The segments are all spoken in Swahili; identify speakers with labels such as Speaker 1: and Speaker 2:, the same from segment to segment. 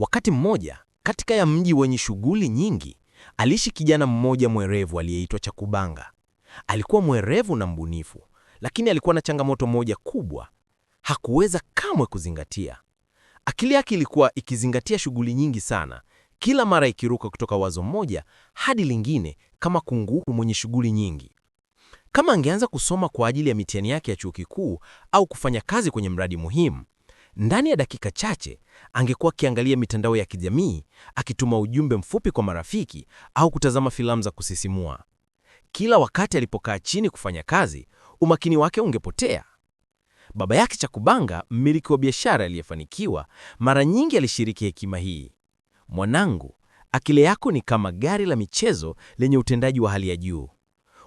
Speaker 1: Wakati mmoja katika ya mji wenye shughuli nyingi, aliishi kijana mmoja mwerevu aliyeitwa Chakubanga. Alikuwa mwerevu na mbunifu, lakini alikuwa na changamoto moja kubwa: hakuweza kamwe kuzingatia. Akili yake ilikuwa ikizingatia shughuli nyingi sana, kila mara ikiruka kutoka wazo moja hadi lingine, kama kunguku mwenye shughuli nyingi. Kama angeanza kusoma kwa ajili ya mitihani yake ya chuo kikuu au kufanya kazi kwenye mradi muhimu, ndani ya dakika chache angekuwa akiangalia mitandao ya kijamii, akituma ujumbe mfupi kwa marafiki au kutazama filamu za kusisimua. Kila wakati alipokaa chini kufanya kazi, umakini wake ungepotea. Baba yake Chakubanga, mmiliki wa biashara aliyefanikiwa, mara nyingi alishiriki hekima hii: mwanangu, akili yako ni kama gari la michezo lenye utendaji wa hali ya juu.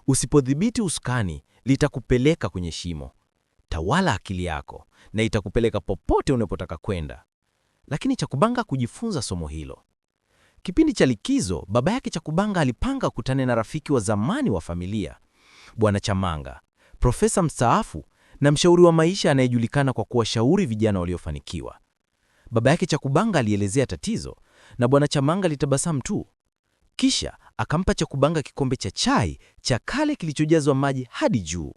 Speaker 1: Usipodhibiti usukani, litakupeleka kwenye shimo tawala akili yako na itakupeleka popote unapotaka kwenda. Lakini Chakubanga kujifunza somo hilo. Kipindi cha likizo, baba yake Chakubanga alipanga kutane na rafiki wa zamani wa familia, Bwana Chamanga, profesa mstaafu na mshauri wa maisha anayejulikana kwa kuwashauri vijana waliofanikiwa. Baba yake Chakubanga alielezea tatizo na Bwana Chamanga alitabasamu tu, kisha akampa Chakubanga kikombe cha chai cha kale kilichojazwa maji hadi juu.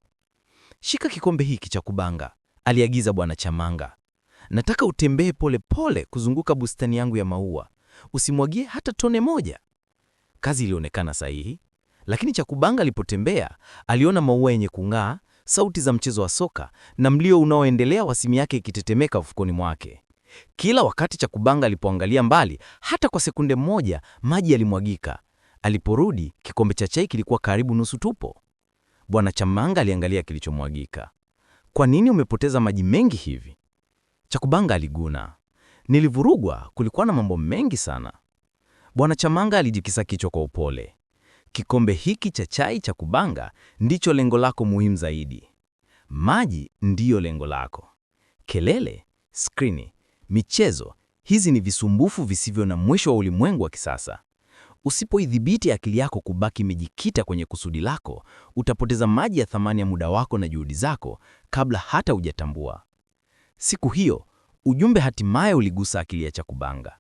Speaker 1: Shika kikombe hiki cha kubanga, aliagiza Bwana Chamanga. Nataka utembee polepole kuzunguka bustani yangu ya maua, usimwagie hata tone moja. Kazi ilionekana sahihi, lakini Chakubanga alipotembea aliona maua yenye kung'aa, sauti za mchezo wa soka na mlio unaoendelea wa simu yake ikitetemeka ufukoni mwake. Kila wakati Chakubanga alipoangalia mbali, hata kwa sekunde moja, maji yalimwagika. Aliporudi, kikombe cha chai kilikuwa karibu nusu tupo. Bwana Chamanga aliangalia kilichomwagika. Kwa nini umepoteza maji mengi hivi? Chakubanga aliguna. Nilivurugwa, kulikuwa na mambo mengi sana. Bwana Chamanga alijikisa kichwa kwa upole. Kikombe hiki cha chai cha kubanga ndicho lengo lako muhimu zaidi. Maji ndiyo lengo lako. Kelele, skrini, michezo, hizi ni visumbufu visivyo na mwisho wa ulimwengu wa kisasa. Usipoidhibiti akili yako kubaki imejikita kwenye kusudi lako, utapoteza maji ya thamani ya muda wako na juhudi zako kabla hata hujatambua. Siku hiyo ujumbe hatimaye uligusa akili ya Chakubanga.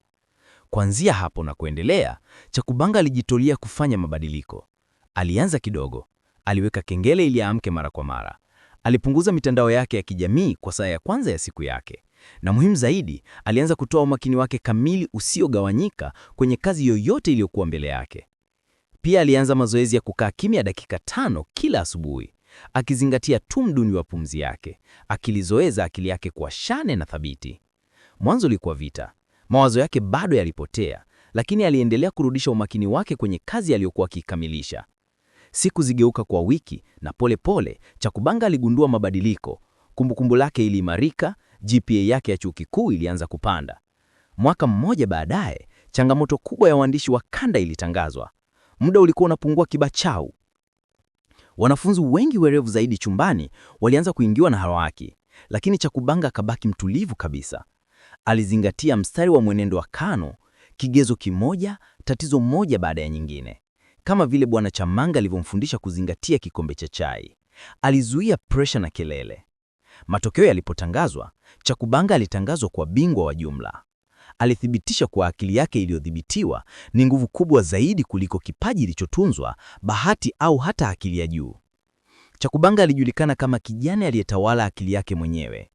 Speaker 1: Kuanzia hapo na kuendelea, Chakubanga alijitolea kufanya mabadiliko. Alianza kidogo, aliweka kengele ili aamke mara kwa mara. Alipunguza mitandao yake ya kijamii kwa saa ya kwanza ya siku yake. Na muhimu zaidi, alianza kutoa umakini wake kamili usiogawanyika kwenye kazi yoyote iliyokuwa mbele yake. Pia alianza mazoezi ya kukaa kimya dakika tano kila asubuhi, akizingatia tu mduni wa pumzi yake, akilizoeza akili yake kwa shane na thabiti. Mwanzo ulikuwa vita, mawazo yake bado yalipotea, lakini aliendelea kurudisha umakini wake kwenye kazi aliyokuwa akikamilisha Siku zigeuka kwa wiki, na pole pole Chakubanga aligundua mabadiliko. Kumbukumbu lake iliimarika, GPA yake ya chuo kikuu ilianza kupanda. Mwaka mmoja baadaye, changamoto kubwa ya waandishi wa kanda ilitangazwa. Muda ulikuwa unapungua kibachau. Wanafunzi wengi werevu zaidi chumbani walianza kuingiwa na hawaki, lakini Chakubanga akabaki mtulivu kabisa. Alizingatia mstari wa mwenendo wa Kano, kigezo kimoja, tatizo moja baada ya nyingine, kama vile Bwana Chamanga alivyomfundisha kuzingatia kikombe cha chai. Alizuia presha na kelele. Matokeo yalipotangazwa, Chakubanga alitangazwa kwa bingwa wa jumla. Alithibitisha kuwa akili yake iliyodhibitiwa ni nguvu kubwa zaidi kuliko kipaji ilichotunzwa, bahati au hata akili ya juu. Chakubanga alijulikana kama kijana aliyetawala akili yake mwenyewe.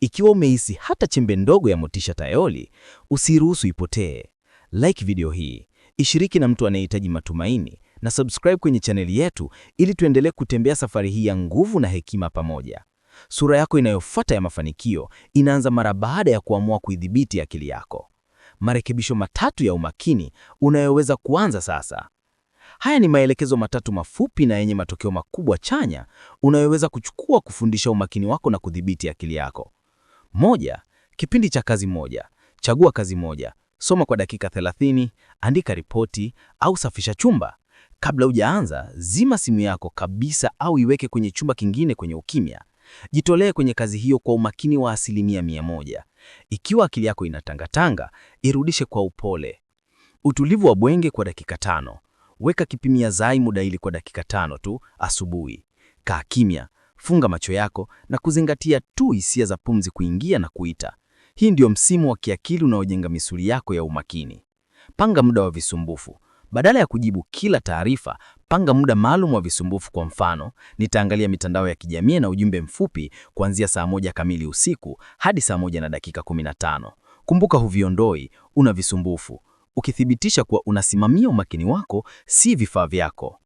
Speaker 1: Ikiwa umehisi hata chembe ndogo ya motisha Tayoli, usiruhusu ipotee. Like video hii, ishiriki na mtu anayehitaji matumaini na subscribe kwenye chaneli yetu ili tuendelee kutembea safari hii ya nguvu na hekima pamoja. Sura yako inayofuata ya mafanikio inaanza mara baada ya kuamua kuidhibiti akili yako. Marekebisho matatu ya umakini unayoweza kuanza sasa. Haya ni maelekezo matatu mafupi na yenye matokeo makubwa chanya unayoweza kuchukua kufundisha umakini wako na kudhibiti akili yako. Moja, kipindi cha kazi moja. Chagua kazi moja, soma kwa dakika 30, andika ripoti au safisha chumba. Kabla hujaanza, zima simu yako kabisa au iweke kwenye chumba kingine kwenye ukimya. Jitolee kwenye kazi hiyo kwa umakini wa asilimia mia moja. Ikiwa akili yako inatangatanga, irudishe kwa upole. Utulivu wa bwenge kwa dakika tano. Weka kipimia zai muda ili kwa dakika tano tu asubuhi. Kaa kimya, funga macho yako na kuzingatia tu hisia za pumzi kuingia na kuita. Hii ndio msimu wa kiakili unaojenga misuli yako ya umakini. Panga muda wa visumbufu. Badala ya kujibu kila taarifa, panga muda maalum wa visumbufu. Kwa mfano, nitaangalia mitandao ya kijamii na ujumbe mfupi kuanzia saa moja kamili usiku hadi saa moja na dakika 15. Kumbuka, huviondoi, una visumbufu, ukithibitisha kuwa unasimamia umakini wako, si vifaa vyako.